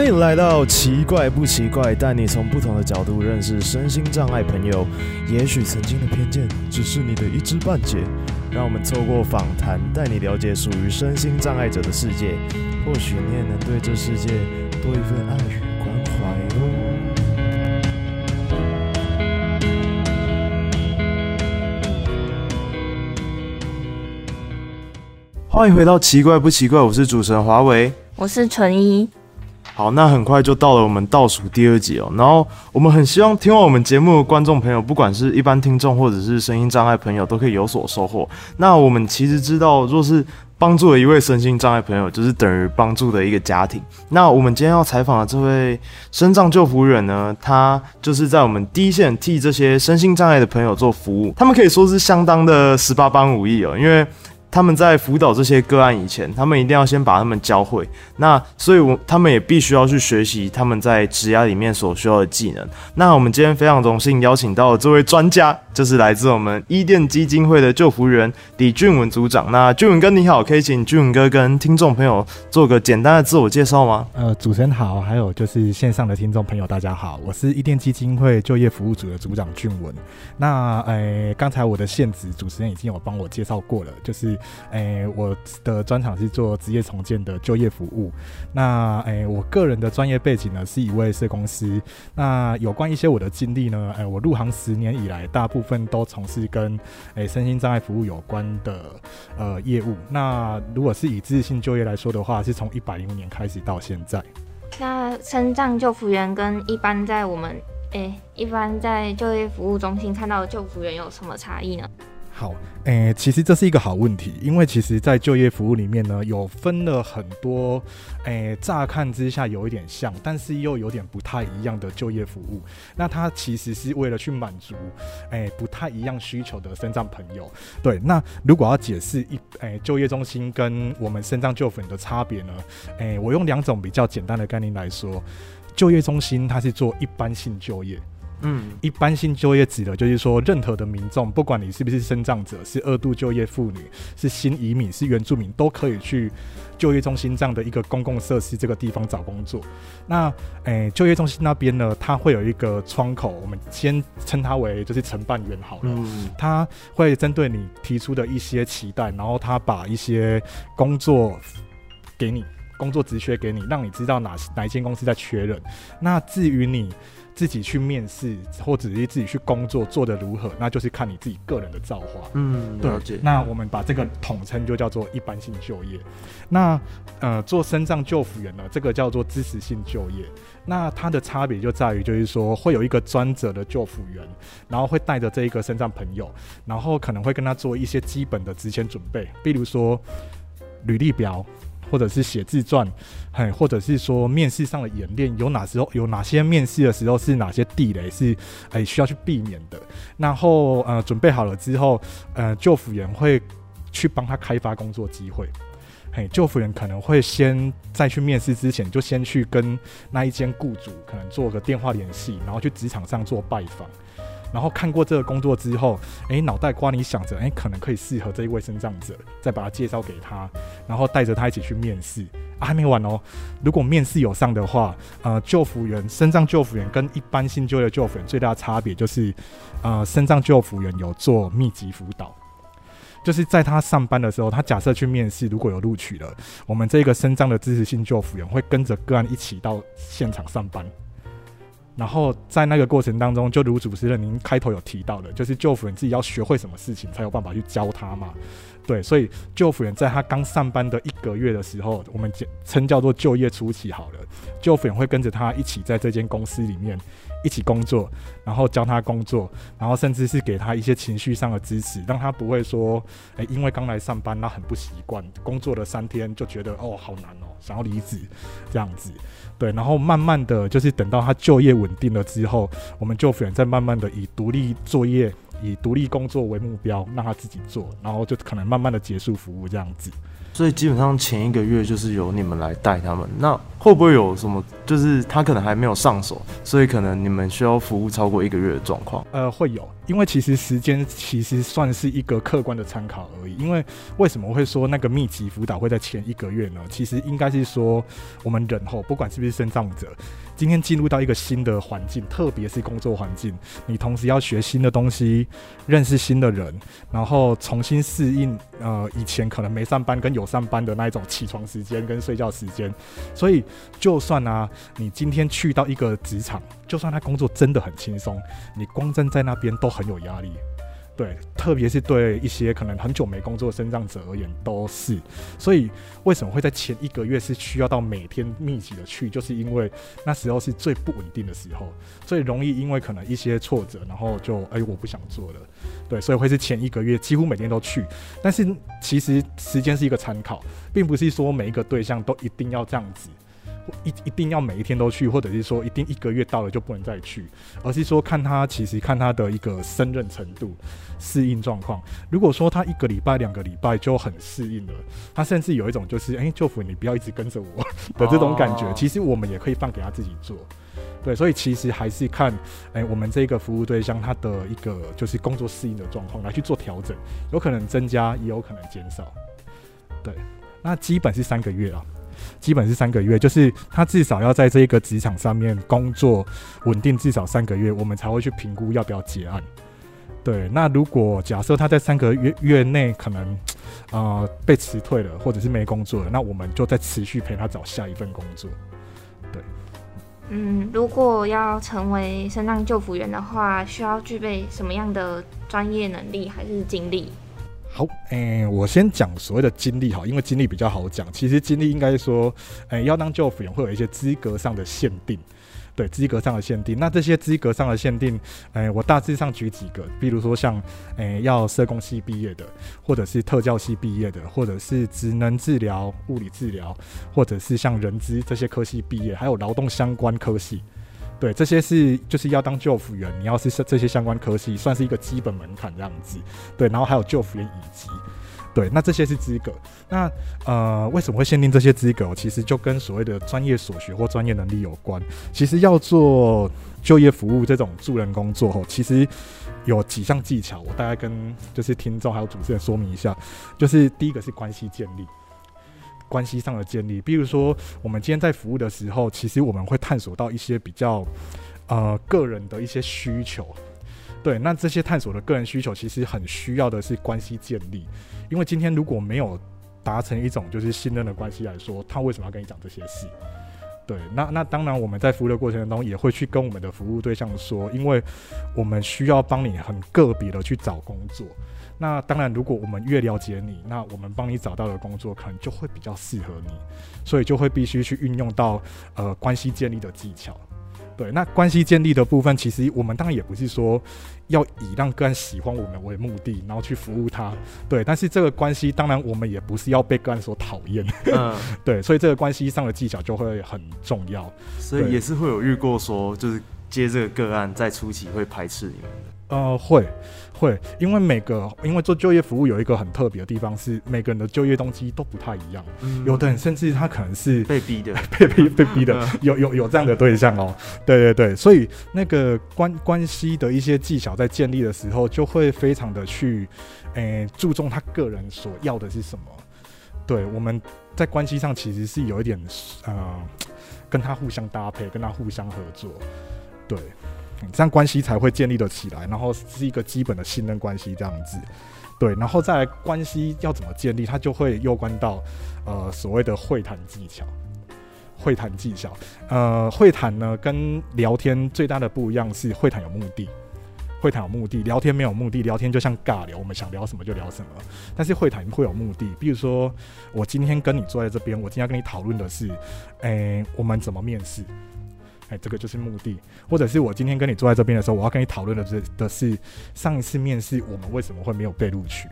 歡迎來到奇怪不奇怪，帶你從不同的角度認識身心障礙朋友。也許曾經的偏見只是你的一知半解，讓我們透過訪談帶你了解屬於身心障礙者的世界。或許你也能對這世界多一份愛與關懷。歡迎回到奇怪不奇怪，我是主持人華為，我是淳一。好，那很快就到了我們倒數第二集哦。然後我們很希望聽完我們節目的觀眾朋友，不管是一般聽眾或者是身心障礙朋友，都可以有所收穫。那我們其實知道，若是幫助了一位身心障礙朋友，就是等於幫助的一個家庭。那我們今天要採訪的這位身障就服員呢，他就是在我們第一線替這些身心障礙的朋友做服務，他們可以說是相當的十八般武藝哦，因為，他們在輔導這些個案以前，他們一定要先把他們教會。那所以，我他們也必須要去學習他們在職涯裡面所需要的技能。那我們今天非常榮幸邀請到了這位專家。就是來自我們伊甸基金會的就服員李俊彣組長。那俊彣哥，你好，可以請俊彣哥跟聽眾朋友做個簡單的自我介紹嗎？呃，主持人好，還有就是線上的聽眾朋友大家好，我是伊甸基金會就業服務組的組長俊彣。那，哎、呃，剛才我的現職主持人已經有幫我介紹過了，就是，哎、呃，我的專長是做職業重建的就業服務。那，哎、呃，我個人的專業背景呢是一位社工師。那有關一些我的經歷呢，哎、呃，我入行十年以來，大部分部分都從事跟誒身心障礙服務有關的呃業務。那如果是以自信就業來說的話，是從一百零五年開始到現在。那身障就服員跟一般在我們誒、欸、一般在就業服務中心看到的就服員有什麼差異呢？好，誒、欸，其實這是一個好問題，因為其實，在就業服務裡面呢，有分了很多，誒、欸，乍看之下有一點像，但是又有點不太一樣的就業服務。那它其實是為了去滿足，誒、欸，不太一樣需求的身障朋友。對，那如果要解釋一，誒、欸，就業中心跟我們身障就服的差別呢，誒、欸，我用兩種比較簡單的概念來說，就業中心它是做一般性就業。嗯，一般性就業指的就是說，任何的民眾，不管你是不是身障者，是二度就業婦女，是新移民，是原住民，都可以去就業中心這樣的一個公共設施這個地方找工作。那，誒、欸，就業中心那邊呢，他會有一個窗口，我們先稱它為就是承辦員好了。嗯，嗯。他會針對你提出的一些期待，然後他把一些工作給你，工作職缺給你，讓你知道哪哪一間公司在缺人。那至於你。自己去面試，或者是自己去工作做得如何，那就是看你自己個人的造化。嗯，對。了解，那我們把這個統稱就叫做一般性就業。嗯、那呃，做身障就服員呢，這個叫做支持性就業。那它的差別就在於，就是說會有一個專責的就服員，然後會帶着這一個身障朋友，然後可能會跟他做一些基本的職前準備，比如說履歷表。或者是寫自傳，嘿，或者是說面試上的演練，有哪時候有哪些面試的時候是哪些地雷是誒、欸、需要去避免的？然後呃準備好了之後，呃，就服員會去幫他開發工作機會，嘿，就服員可能會先在去面試之前就先去跟那一間雇主可能做個電話聯繫，然後去職場上做拜訪。然後看過這個工作之後，誒，腦袋瓜裡想着，誒，可能可以適合這一位身障者，再把他介紹給他，然後帶着他一起去面試，啊、還沒完哦。如果面試有上的話，呃，就服員、身障就服員跟一般性就業就服員最大的差別就是，呃，身障就服員有做密集輔導，就是在他上班的時候，他假設去面試，如果有錄取了，我們這個身障的支持性就服員會跟着個案一起到現場上班。然後在那個過程當中，就如主持人您開頭有提到的，就是就服員自己要學會什麼事情，才有辦法去教他嘛。對，所以就服員在她剛上班的一個月的時候，我們簡稱叫做就業初期好了，就服員會跟着他一起在這間公司裡面一起工作，然後教他工作，然後甚至是給他一些情緒上的支持，讓他不會說，誒，因為剛來上班，那很不習慣，工作了三天就覺得哦好難哦，想要離職這樣子。對，然後慢慢的就是等到他就業穩定了之後，我們就服員再慢慢的以獨立作業、以獨立工作為目標，讓他自己做，然後就可能慢慢的結束服務這樣子。所以基本上前一個月就是由你們來帶他們，那會不會有什麼就是他可能還沒有上手，所以可能你們需要服務超過一個月的狀況？呃，會有。因為其實時間其實算是一個客觀的參考而已。因為為什麼會說那個密集輔導會在前一個月呢？其實應該是說，我們人後不管是不是身障者，今天進入到一個新的環境，特別是工作環境，你同時要學新的東西，認識新的人，然後重新適應。呃，以前可能沒上班跟有上班的那一種起床時間跟睡覺時間，所以就算啊，你今天去到一個職場，就算他工作真的很輕鬆，你光站在那邊都很有壓力。對，特別是對一些可能很久沒工作的身障者而言都是。所以為什麼會在前一個月是需要到每天密集的去，就是因為那時候是最不穩定的時候，最容易因為可能一些挫折，然後就哎、欸，我不想做了。對，所以會是前一個月幾乎每天都去。但是其實時間是一個參考，並不是說每一個對象都一定要這樣子。一一定要每一天都去，或者是說一定一個月到了就不能再去，而是說看他其實看他的一個勝任程度、適應狀況。如果說他一個禮拜、兩個禮拜就很適應了，他甚至有一種就是誒、欸，就服你不要一直跟着我的這種感覺。Oh. 其實我們也可以放給他自己做，對。所以其實還是看誒、欸，我們這個服務對象他的一個就是工作適應的狀況來去做調整，有可能增加，也有可能減少。對，那基本是三個月啊。基本是三個月，就是他至少要在這個職場上面工作穩定至少三個月，我們才會去評估要不要結案。對，那如果假設他在三個月月內可能啊、呃、被辭退了，或者是沒工作了，那我們就再持續陪他找下一份工作。對，嗯，如果要成為身障就服員的話，需要具備什麼樣的專業能力還是經歷？好、嗯，我先講所謂的經歷哈，因為經歷比較好講。其實經歷應該說、嗯，要當就服員會有一些資格上的限定，對，資格上的限定。那這些資格上的限定、嗯，我大致上舉幾個，比如說像，嗯、要社工系畢業的，或者是特教系畢業的，或者是職能治療、物理治療，或者是像人資這些科系畢業，還有勞動相關科系。對，這些是就是要當就服員，你要是這些相關科系，算是一個基本門檻這樣子。對，然後還有就服員乙級。對，那這些是資格。那呃，為什麼會限定這些資格？其實就跟所謂的專業所學或專業能力有關。其實要做就業服務這種助人工作，吼，其實有幾項技巧，我大概跟就是聽眾還有主持人說明一下。就是第一個是關係建立。關係上的建立，比如說我們今天在服務的時候，其實我們會探索到一些比較呃個人的一些需求，對，那這些探索的個人需求，其實很需要的是關係建立，因為今天如果沒有達成一種就是信任的關係來說，他為什麼要跟你講這些事？對，那那當然我們在服務的過程當中也會去跟我們的服務對象說，因為我們需要幫你很個別的去找工作。那當然，如果我們越了解你，那我們幫你找到的工作可能就會比較適合你，所以就會必須去運用到呃關係建立的技巧。對，那關係建立的部分，其實我們當然也不是說要以讓個案喜歡我們為目的，然後去服務他。對，但是這個關係當然我們也不是要被個案所討厭。嗯， 對，所以這個關係上的技巧就會很重要。所以也是會有遇過說，對就是接這個個案在初期會排斥你們？呃，會會，因為每個因為做就業服務有一個很特別的地方，是每個人的就業動機都不太一樣。嗯、有的人甚至他可能是被逼的， 被逼、被逼的， 有有有這樣的對象哦。 對對對，所以那個關關係的一些技巧在建立的時候，就會非常的去誒、呃、注重他個人所要的是什麼。對，我們在關係上其實是有一點呃跟他互相搭配，跟他互相合作，對。這樣關係才會建立得起來，然後是一個基本的信任關係這樣子，對，然後再來關係要怎麼建立，它就會攸關到呃所謂的會談技巧。會談技巧，呃，會談呢跟聊天最大的不一樣是會談有目的，會談有目的，聊天沒有目的，聊天就像尬聊，我們想聊什麼就聊什麼。但是會談會有目的，比如說我今天跟你坐在這邊，我今天要跟你討論的是，誒，我們怎麼面試。哎，這個就是目的，或者是我今天跟你坐在這邊的時候，我要跟你討論的這的是上一次面試我們為什麼會沒有被錄取？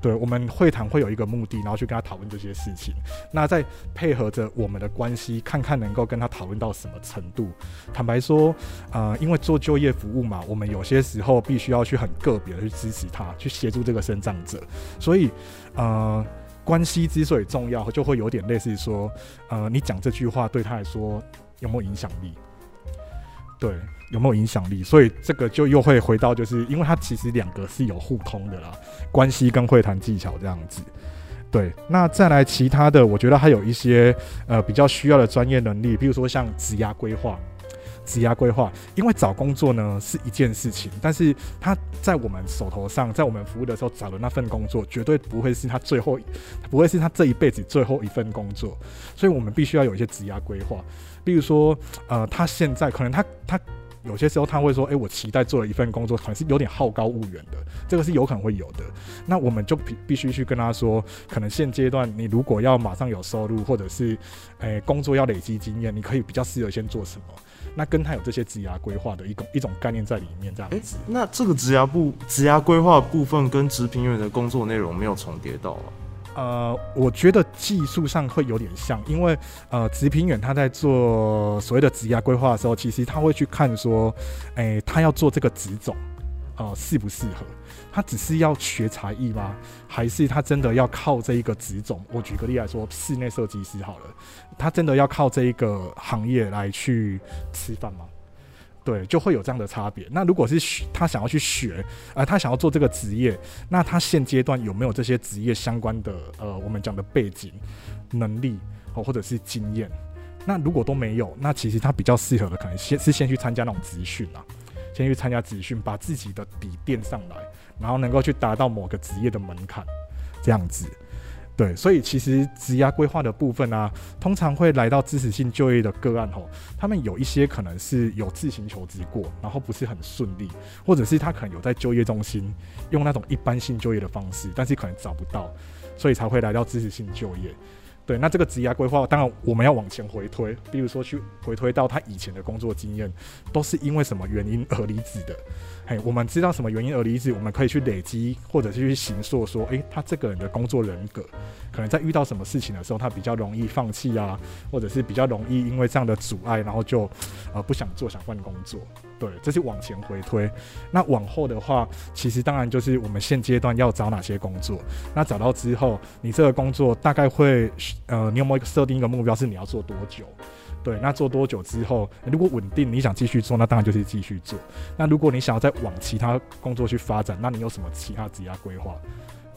對，我們會談會有一個目的，然後去跟他討論這些事情。那再配合着我們的關係，看看能夠跟他討論到什麼程度。坦白說，呃，因為做就業服務嘛，我們有些時候必須要去很個別的去支持他，去協助這個身障者。所以，呃，關係之所以重要，就會有點類似說，呃，你講這句話對他來說。有沒有影響力？對，有沒有影響力？所以這個就又會回到，就是因為它其實兩個是有互通的啦，關係跟會談技巧這樣子。對，那再來其他的，我覺得他有一些呃比較需要的專業能力，比如說像職涯規劃、職涯規劃。因為找工作呢是一件事情，但是他在我們手頭上，在我們服務的時候找的那份工作，絕對不會是他最後，不會是他這一輩子最後一份工作，所以我們必須要有一些職涯規劃。比如說，呃，他現在可能他他有些時候他會說，哎、欸，我期待做了一份工作，可能是有點好高騖遠的，這個是有可能會有的。那我們就必須去跟他說，可能現階段你如果要馬上有收入，或者是，欸、工作要累積經驗，你可以比較適合先做什麼。那跟他有這些職涯規劃的一一一種概念在裡面，這樣子、欸。那這個職涯部職涯規劃部分跟職評員的工作內容沒有重疊到？呃，我覺得技術上會有點像，因為呃，職評員他在做所謂的職業規劃的時候，其實他會去看說，哎、欸，他要做這個職種，呃，適不適合？他只是要學才藝嗎？還是他真的要靠這一個職種？我舉個例來說，室內設計師好了，他真的要靠這一個行業來去吃飯嗎？對，就會有這樣的差別。那如果是他想要去學，呃，他想要做這個職業，那他現階段有沒有這些職業相關的，呃，我們講的背景、能力，或者是經驗？那如果都沒有，那其實他比較適合的可能先是先去參加那種職訓啊，先去參加職訓，把自己的底墊上來，然後能夠去達到某個職業的門檻，這樣子。對，所以其實職涯規劃的部分啊，通常會來到支持性就業的個案吼、哦，他們有一些可能是有自行求職過，然後不是很順利，或者是他可能有在就業中心用那種一般性就業的方式，但是可能找不到，所以才會來到支持性就業。對，那這個職涯規劃，當然我們要往前回推，比如說去回推到他以前的工作經驗都是因為什麼原因而離職的。Hey, 我們知道什麼原因而離職，我們可以去累積，或者是去形塑說，誒，他這個人的工作人格，可能在遇到什麼事情的時候，他比較容易放棄啊，或者是比較容易因為這樣的阻礙，然後就呃，不想做，想換工作。對，這是往前回推。那往後的話，其實當然就是我們現階段要找哪些工作。那找到之後，你這個工作大概會呃，你有沒有設定一個目標，是你要做多久？對，那做多久之後，如果穩定，你想繼續做，那當然就是繼續做。那如果你想要再往其他工作去發展，那你有什麼其他職業規劃？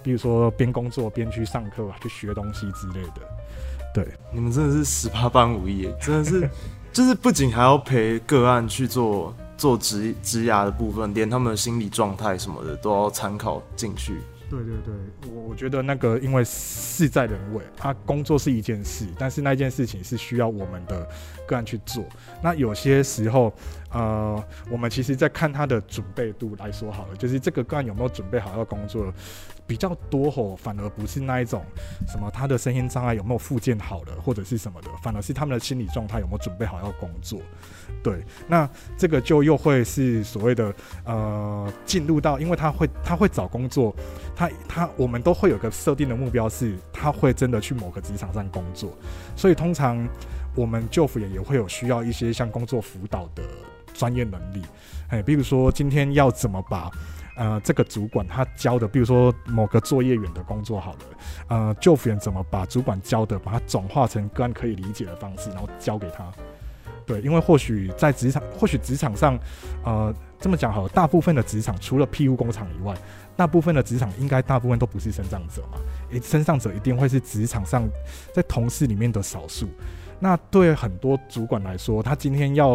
比如說邊工作邊去上課、啊，去學東西之類的。對，你們真的是十八般武藝，真的是， 就是不僅還要陪個案去做做職職涯的部分，連他們的心理狀態什麼的都要參考進去。對對對，我我覺得那個因為事在人為，他工作是一件事，但是那件事情是需要我們的個案去做。那有些時候，呃，我們其實在看他的準備度來說好了，就是這個個案有沒有準備好要工作，比較多吼，反而不是那一種什麼他的身心障礙有沒有復健好了或者是什麼的，反而是他們的心理狀態有沒有準備好要工作。對，那這個就又會是所謂的呃，進入到因為他會他會找工作。他他，我們都會有個設定的目標，是他會真的去某個職場上工作，所以通常我們就服員也會有需要一些像工作輔導的專業能力，哎，比如說今天要怎麼把呃這個主管他教的，比如說某個作業員的工作，好了，呃，就服員怎麼把主管教的，把它轉化成個人可以理解的方式，然後教給他，對，因為或許在職場，或許職場上，呃。這麼講吼，大部分的職場除了庇護工廠以外，大部分的職場應該大部分都不是身障者嘛？誒、欸，身障者一定會是職場上在同事裡面的少數。那對很多主管來說，他今天要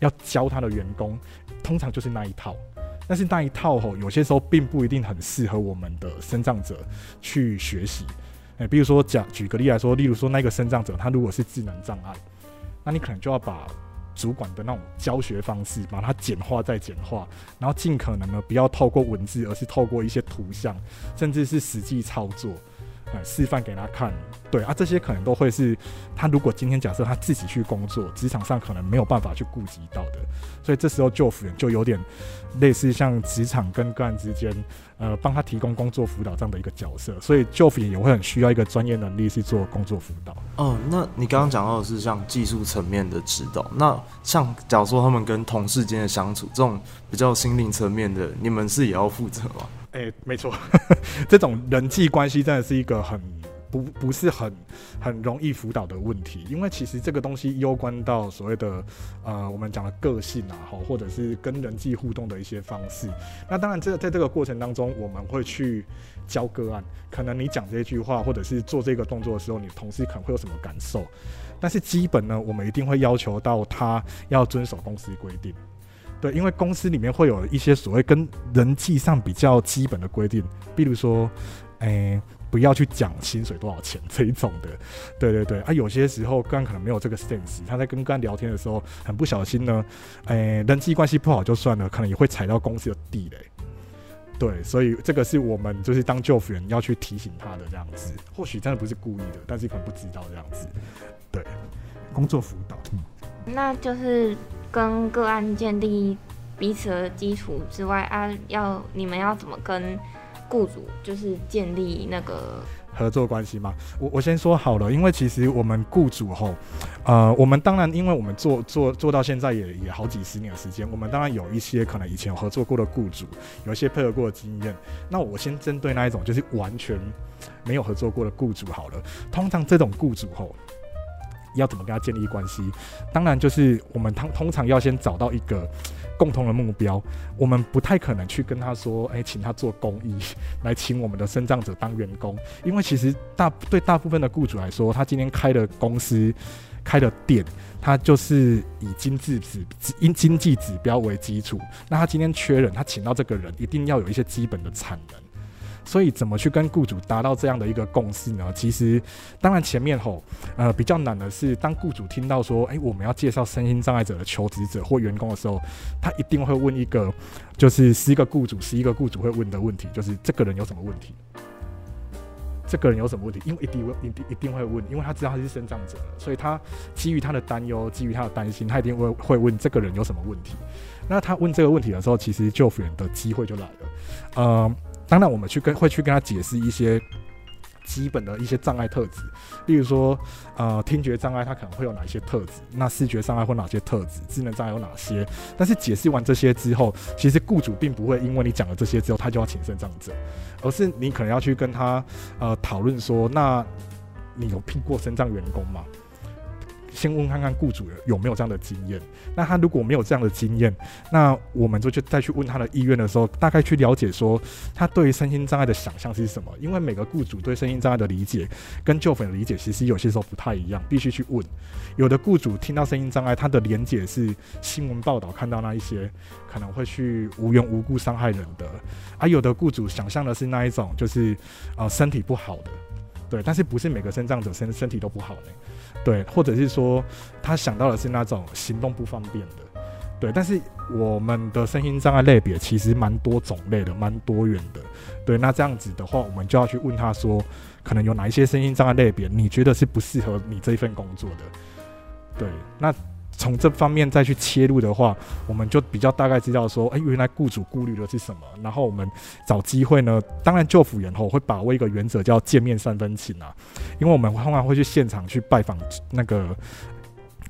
要教他的員工，通常就是那一套。但是那一套吼，有些時候並不一定很適合我們的身障者去學習。誒、欸，比如說，講，舉個例來說，例如說那個身障者他如果是智能障礙，那你可能就要把。主管的那種教學方式，把它簡化再簡化，然後盡可能的不要透過文字，而是透過一些圖像，甚至是實際操作。呃，示範給他看，對啊，這些可能都會是他，如果今天假設他自己去工作，職場上可能沒有辦法去顧及到的，所以這時候就服員就有點類似像職場跟個案之間，呃，幫他提供工作輔導這樣的一個角色，所以就服員也會很需要一個專業能力去做工作輔導。嗯、哦，那你剛剛講到的是像技術層面的指導，嗯、那像假如說他們跟同事間的相處這種比較心靈層面的，你們是也要負責嗎？誒，沒錯呵呵，這種人際關係真的是一個很不，不是很很容易輔導的問題，因為其實這個東西攸關到所謂的呃，我們講的個性啊，好或者是跟人際互動的一些方式。那當然這，這在這個過程當中，我們會去教個案，可能你講這句話或者是做這個動作的時候，你的同事可能會有什麼感受，但是基本呢，我們一定會要求到他要遵守公司規定。對，因為公司裡面會有一些所謂跟人際上比較基本的規定，比如說，誒、呃，不要去講薪水多少錢這一種的。對對對，啊。有些時候剛可能沒有這個 sense，他在跟剛聊天的時候很不小心呢，誒、呃，人際關係不好就算了，可能也會踩到公司的地雷。對，所以這個是我們就是當就服員要去提醒他的這樣子。嗯、或許真的不是故意的，但是可能不知道這樣子。對，工作輔導。嗯那就是跟個案建立彼此的基礎之外啊，要你們要怎麼跟雇主就是建立那個合作關係嗎？我我先說好了，因為其實我們雇主吼，呃，我們當然因為我們做做做到現在也也好幾十年的時間，我們當然有一些可能以前有合作過的雇主，有一些配合過的經驗。那我先針對那一種就是完全沒有合作過的雇主好了，通常這種雇主吼。要怎麼跟他建立關係？當然，就是我們通通常要先找到一個共同的目標。我們不太可能去跟他說：“哎、欸，請他做公益，來請我們的身障者當員工。”因為其實大對大部分的雇主來說，他今天開的公司、開的店，他就是以經濟指、以經濟指標為基礎。那他今天缺人，他請到這個人，一定要有一些基本的產能。所以怎麼去跟雇主達到這樣的一個共識呢？其實，當然前面吼呃比較難的是，當雇主聽到說，哎、欸，我們要介紹身心障礙者的求職者或員工的時候，他一定會問一個，就是是一個雇主，是一個雇主會問的問題，就是這個人有什麼問題？這個人有什麼問題？因為一定一定一定會問，因為他知道他是身障者的，所以他基於他的擔憂，基於他的擔心，他一定會會問這個人有什麼問題？那他問這個問題的時候，其實就服員的機會就來了，嗯、呃。當然，我們去跟會去跟他解釋一些基本的一些障礙特質，例如說，呃，聽覺障礙他可能會有哪一些特質，那視覺障礙會哪些特質，智能障礙有哪些？但是解釋完這些之後，其實雇主並不會因為你講了這些之後，他就要請身障者，而是你可能要去跟他呃討論說，那你有聘過身障員工嗎？先問看看雇主有沒有這樣的經驗。那他如果沒有這樣的經驗，那我們就去再去問他的意願的時候，大概去了解說他對於身心障礙的想象是什麼？因為每個雇主對身心障礙的理解，跟就服的理解其實有些時候不太一樣，必須去問。有的雇主聽到身心障礙，他的連接是新聞報道看到那一些可能會去無緣無故傷害人的；而、啊、有的雇主想象的是那一種就是，呃，身體不好的。對，但是不是每個身障者身身體都不好呢？對，或者是說他想到的是那種行動不方便的。對，但是我們的身心障礙類別其實蠻多種類的，蠻多元的。對，那這樣子的話，我們就要去問他說，可能有哪一些身心障礙類別，你覺得是不適合你這一份工作的？對，那。從這方面再去切入的話，我們就比較大概知道說，誒，原來雇主顧慮的是什麼。然後我們找機會呢，當然就服員後會把握一個原則，叫見面三分情啊。因為我們通常會去現場去拜訪那個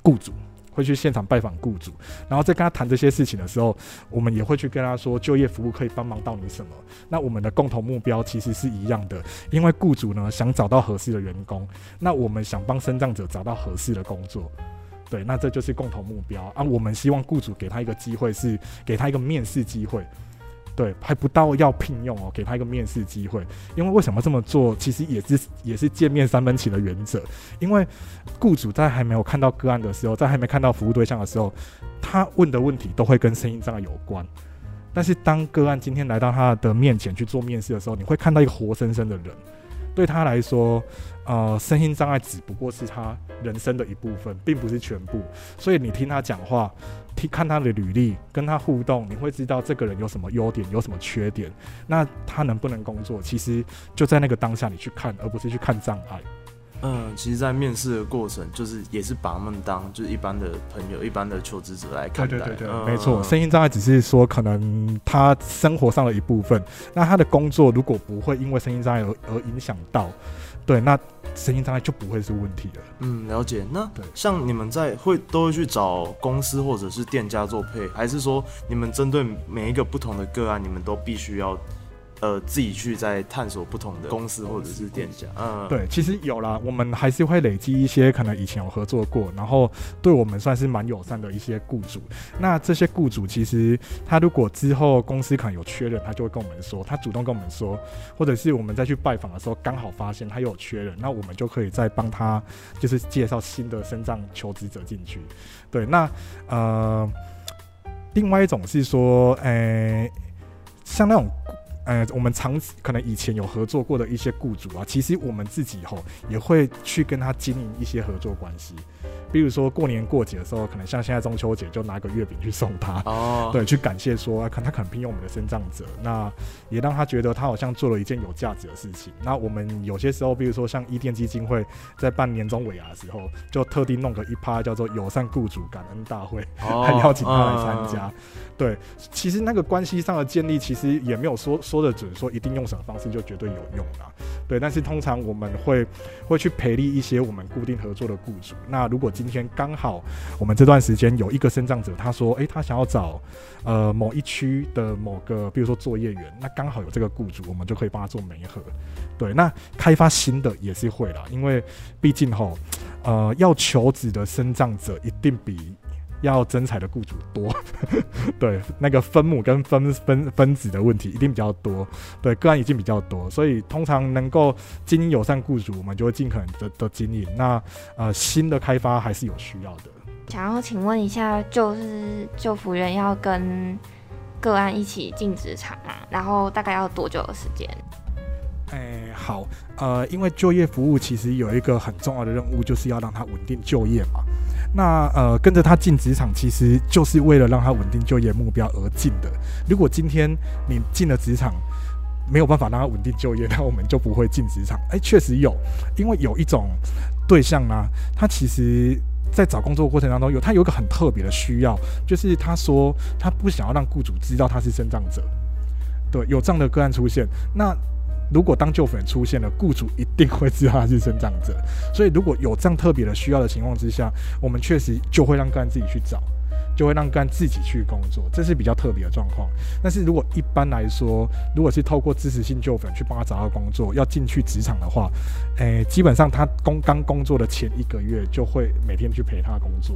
雇主，會去現場拜訪雇主。然後在跟他談這些事情的時候，我們也會去跟他說，就業服務可以幫忙到你什麼。那我們的共同目標其實是一樣的，因為雇主呢想找到合適的員工，那我們想幫身障者找到合適的工作。對，那這就是共同目標啊！我們希望雇主給他一個機會，是給他一個面試機會，對，還不到要聘用哦，給他一個面試機會。因為為什麼這麼做？其實也是也是見面三分情的原則。因為雇主在還沒有看到個案的時候，在還沒看到服務對象的時候，他問的問題都會跟身心障礙有關。但是當個案今天來到他的面前去做面試的時候，你會看到一個活生生的人。對他來說，呃，身心障礙只不過是他人生的一部分，並不是全部。所以你聽他講話，聽看他的履歷，跟他互動，你會知道這個人有什麼優點，有什麼缺點。那他能不能工作，其實就在那個當下你去看，而不是去看障礙。嗯，其實，在面試的過程，就是也是把他們當就是一般的朋友、一般的求職者來看待。對對對對，嗯、沒錯，嗯、聲音障礙只是說可能他生活上的一部分。那他的工作如果不會因為聲音障礙而而影響到，對，那聲音障礙就不會是問題了。嗯，了解。那像你們在會都會去找公司或者是店家做配，還是說你們針對每一個不同的個案，你們都必須要？呃，自己去在探索不同的公司或者是店家？嗯，嗯，對，其實有了，我們還是會累積一些可能以前有合作過，然後對我們算是蠻友善的一些雇主。那這些雇主其實他如果之後公司可能有缺人，他就會跟我們說，他主動跟我們說，或者是我們再去拜訪的時候剛好發現他有缺人，那我們就可以再幫他就是介紹新的身障求職者進去。對，那呃，另外一種是說，誒、呃，像那種。嗯、呃，我們常可能以前有合作過的一些雇主啊，其實我們自己吼也會去跟他經營一些合作關係，比如說過年過節的時候，可能像現在中秋節就拿個月餅去送他，oh. 對，去感謝說，可能他可能聘用我們的身障者，那也讓他覺得他好像做了一件有價值的事情。那我們有些時候，比如說像伊甸基金會在辦年終尾牙的時候，就特地弄個一趴叫做友善雇主感恩大會，還邀、oh. 請他來參加。Oh. 對，其實那個關係上的建立，其實也沒有說，說的準說一定用什麼方式就絕對有用了，啊，對。但是通常我們會會去培力一些我們固定合作的雇主。那如果今天剛好我們這段時間有一個身障者，他說，誒，他想要找呃某一區的某個，比如說作業員，那剛好有這個雇主，我們就可以幫他做媒合。對，那開發新的也是會啦，因為畢竟哈，呃，要求職的身障者一定比。要增財的雇主多 對，對，那個分母跟分分分子的問題一定比較多，對，個案已經比較多，所以通常能夠經營友善雇主，我們就會盡可能的的經營。那呃新的開發還是有需要的。想要請問一下，就是就服員要跟個案一起進職場嘛、啊？然後大概要多久的時間？哎，好，呃，因為就業服務其實有一個很重要的任務，就是要讓他穩定就業嘛。那呃，跟着他進職場，其實就是為了讓他穩定就業目標而進的。如果今天你進了職場，沒有辦法讓他穩定就業，那我們就不會進職場。哎，確實有，因為有一種對象呢、啊，他其實，在找工作過程當中有他有一個很特別的需要，就是他說他不想要讓雇主知道他是身障者。對，有這樣的個案出現，那。如果當就服出現了，雇主一定會知道他是身障者。所以如果有這樣特別的需要的情況之下，我們確實就會讓個人自己去找，就會讓個人自己去工作，這是比較特別的狀況。但是如果一般來說，如果是透過支持性就服去幫他找到工作，要進去職場的話，誒、哎，基本上他工剛工作的前一個月，就會每天去陪他工作。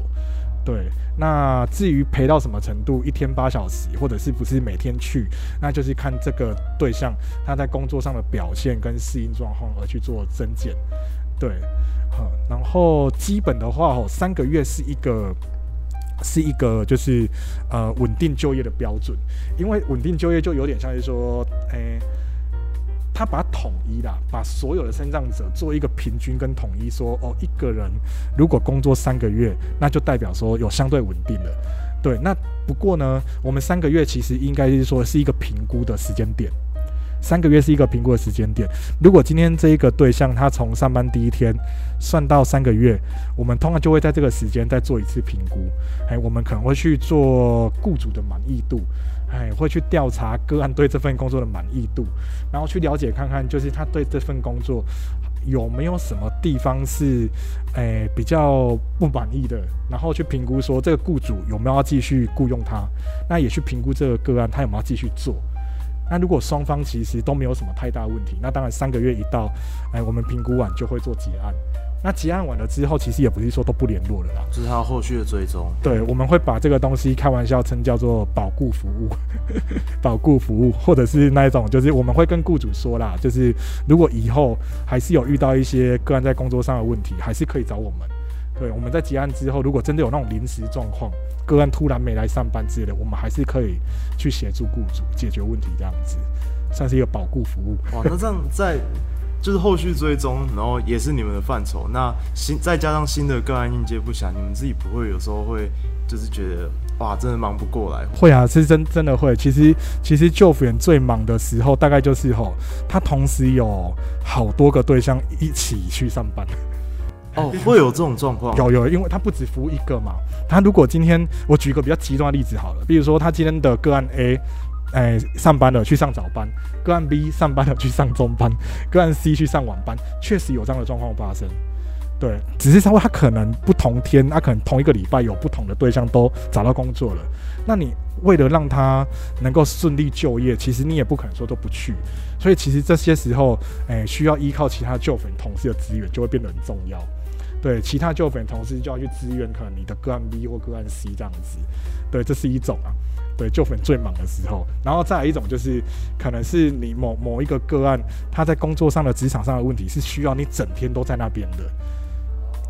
對，那至於陪到什麼程度，一天八小時，或者是不是每天去，那就是看這個對象他在工作上的表現跟適應狀況而去做增減。對，好、嗯，然後基本的話，哦，三個月是一個，是一個就是呃穩定就業的標準，因為穩定就業就有點像是說，哎、欸。他把統一啦，把所有的身障者做一個平均跟統一說，說哦，一個人如果工作三個月，那就代表說有相對穩定的，對。那不過呢，我們三個月其實應該是說是一個評估的時間點，三個月是一個評估的時間點。如果今天這一個對象他從上班第一天算到三個月，我們通常就會在這個時間再做一次評估。哎，我們可能會去做雇主的滿意度。哎，會去調查個案對這份工作的滿意度，然後去了解看看，就是他對這份工作有沒有什麼地方是、呃，哎比較不滿意的，然後去評估說這個雇主有沒有要繼續雇傭他，那也去評估這個個案他有沒有繼續做。那如果雙方其實都沒有什麼太大問題，那當然三個月一到，哎，我們評估完就會做結案。那結案完了之後，其實也不是說都不聯絡了啦，這是他後續的追蹤。對，我們會把這個東西開玩笑稱叫做保固服務， 保固服務，或者是那一種，就是我們會跟雇主說啦，就是如果以後還是有遇到一些個案在工作上的問題，還是可以找我們。對，我們在結案之後，如果真的有那種臨時狀況，個案突然沒來上班之類的，我們還是可以去協助雇主解決問題這樣子，算是一個保固服務。哇，那這樣在。就是後續追蹤，然後也是你們的範疇。那新再加上新的個案應接不暇，你們自己不會有時候會就是覺得哇，真的忙不過來？會啊，是真真的會。其實其實就服員最忙的時候，大概就是吼、哦，他同時有好多個對象一起去上班。哦，會有這種狀況？有有，因為他不只服務一個嘛。他如果今天我舉一個比較極端的例子好了，比如說他今天的個案 A。哎、欸，上班了去上早班，個案 B 上班了去上中班，個案 C 去上晚班，確實有這樣的狀況發生。對，只是稍微他可能不同天，他可能同一個禮拜有不同的對象都找到工作了。那你為了讓他能夠順利就業，其實你也不可能說都不去。所以其實這些時候，欸、需要依靠其他就服同事的資源就會變得很重要。對，其他就服同事就要去支援可能你的個案 B 或個案 C 這樣子。對，這是一種啊。對，就服最忙的時候，然後再來一種就是，可能是你某某一個個案，他在工作上的、職場上的問題是需要你整天都在那邊的。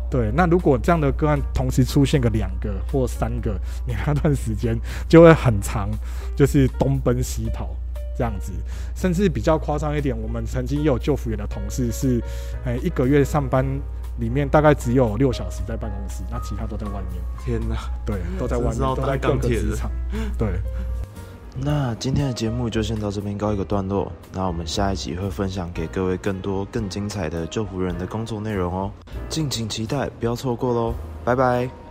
對，那如果這樣的個案同時出現個兩個或三個，你那段時間就會很長，就是東奔西跑這樣子。甚至比較誇張一點，我們曾經也有就服員的同事是，哎、呃，一個月上班。裡面大概只有六小時在辦公室，那其他都在外面。天哪，對，都在外面，鐵都在各個職場，對。那今天的節目就先到這邊告一個段落，那我們下一集會分享給各位更多更精彩的就服員的工作內容哦、喔，敬請期待，不要錯過嘍，拜拜。